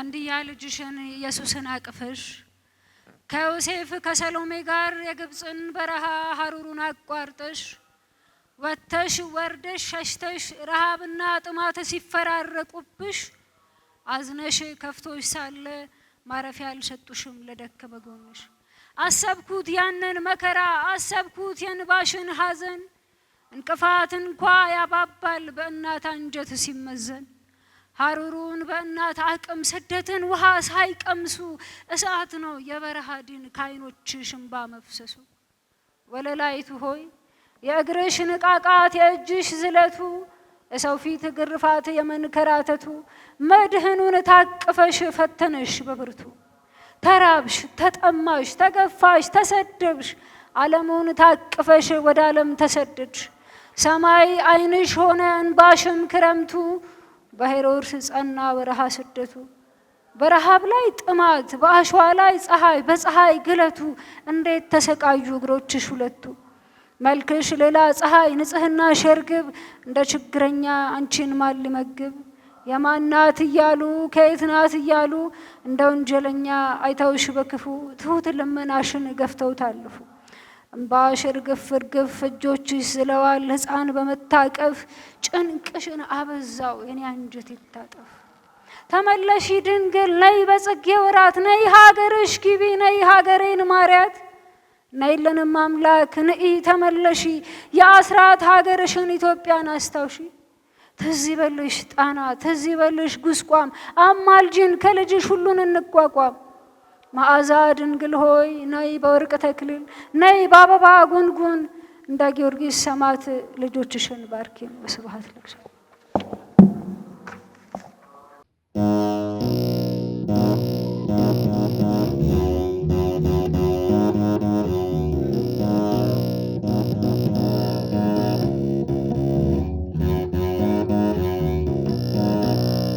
አንድያ ልጅሽን ኢየሱስን አቅፈሽ ከዮሴፍ ከሰሎሜ ጋር የግብፅን በረሃ ሀሩሩን አቋርጠሽ ወጥተሽ ወርደሽ ሸሽተሽ ረሃብና ጥማት ሲፈራረቁብሽ አዝነሽ ከፍቶሽ ሳለ ማረፊያ አልሰጡሽም ለደከመ ጎንሽ። አሰብኩት ያንን መከራ አሰብኩት የንባሽን ሐዘን እንቅፋት እንኳ ያባባል በእናት አንጀት ሲመዘን ሀሩሩን በእናት አቅም ስደትን ውሃ ሳይቀምሱ እሳት ነው የበረሃ ድን ከዓይኖች ሽንባ መፍሰሱ። ወለላይቱ ሆይ የእግርሽ ንቃቃት የእጅሽ ዝለቱ የሰው ፊት ግርፋት የመንከራተቱ መድህኑን ታቅፈሽ ፈተነሽ በብርቱ ተራብሽ፣ ተጠማሽ፣ ተገፋሽ፣ ተሰደብሽ ዓለሙን ታቅፈሽ ወደ ዓለም ተሰደድሽ ሰማይ ዓይንሽ ሆነ እንባሽም ክረምቱ በሄሮድስ ጸና በረሃ ስደቱ በረሃብ ላይ ጥማት፣ በአሸዋ ላይ ፀሐይ፣ በፀሐይ ግለቱ እንዴት ተሰቃዩ እግሮችሽ ሁለቱ። መልክሽ ሌላ ፀሐይ ንጽህና ሸርግብ እንደ ችግረኛ አንቺን ማን ሊመግብ? የማናት እያሉ ከየት ናት እያሉ እንደ ወንጀለኛ አይተውሽ በክፉ ትሁት ልመናሽን ገፍተው ታልፉ። እምባሽ እርግፍ እርግፍ እጆችሽ ስለዋል ሕፃን በመታቀፍ ጭንቅሽን አበዛው የኔ አንጀት ይታጠፍ። ተመለሺ ድንግል ነይ በጽጌ ወራት ነይ ሀገርሽ ግቢ ነይ ሀገሬን ማርያት ነይለንም አምላክ ንኢ ተመለሺ የአስራት ሀገርሽን ኢትዮጵያን አስታውሺ። ትዝ ይበልሽ ጣና ትዝ ይበልሽ ጉስቋም አማልጅን ከልጅሽ ሁሉን እንቋቋም መዓዛ ድንግል ሆይ ነይ በወርቅ ተክሊል ነይ በአበባ ጉንጉን እንዳ ጊዮርጊስ ሰማዕት ልጆችሽን ባርኪ። ስብሐት ለእግዚአብሔር።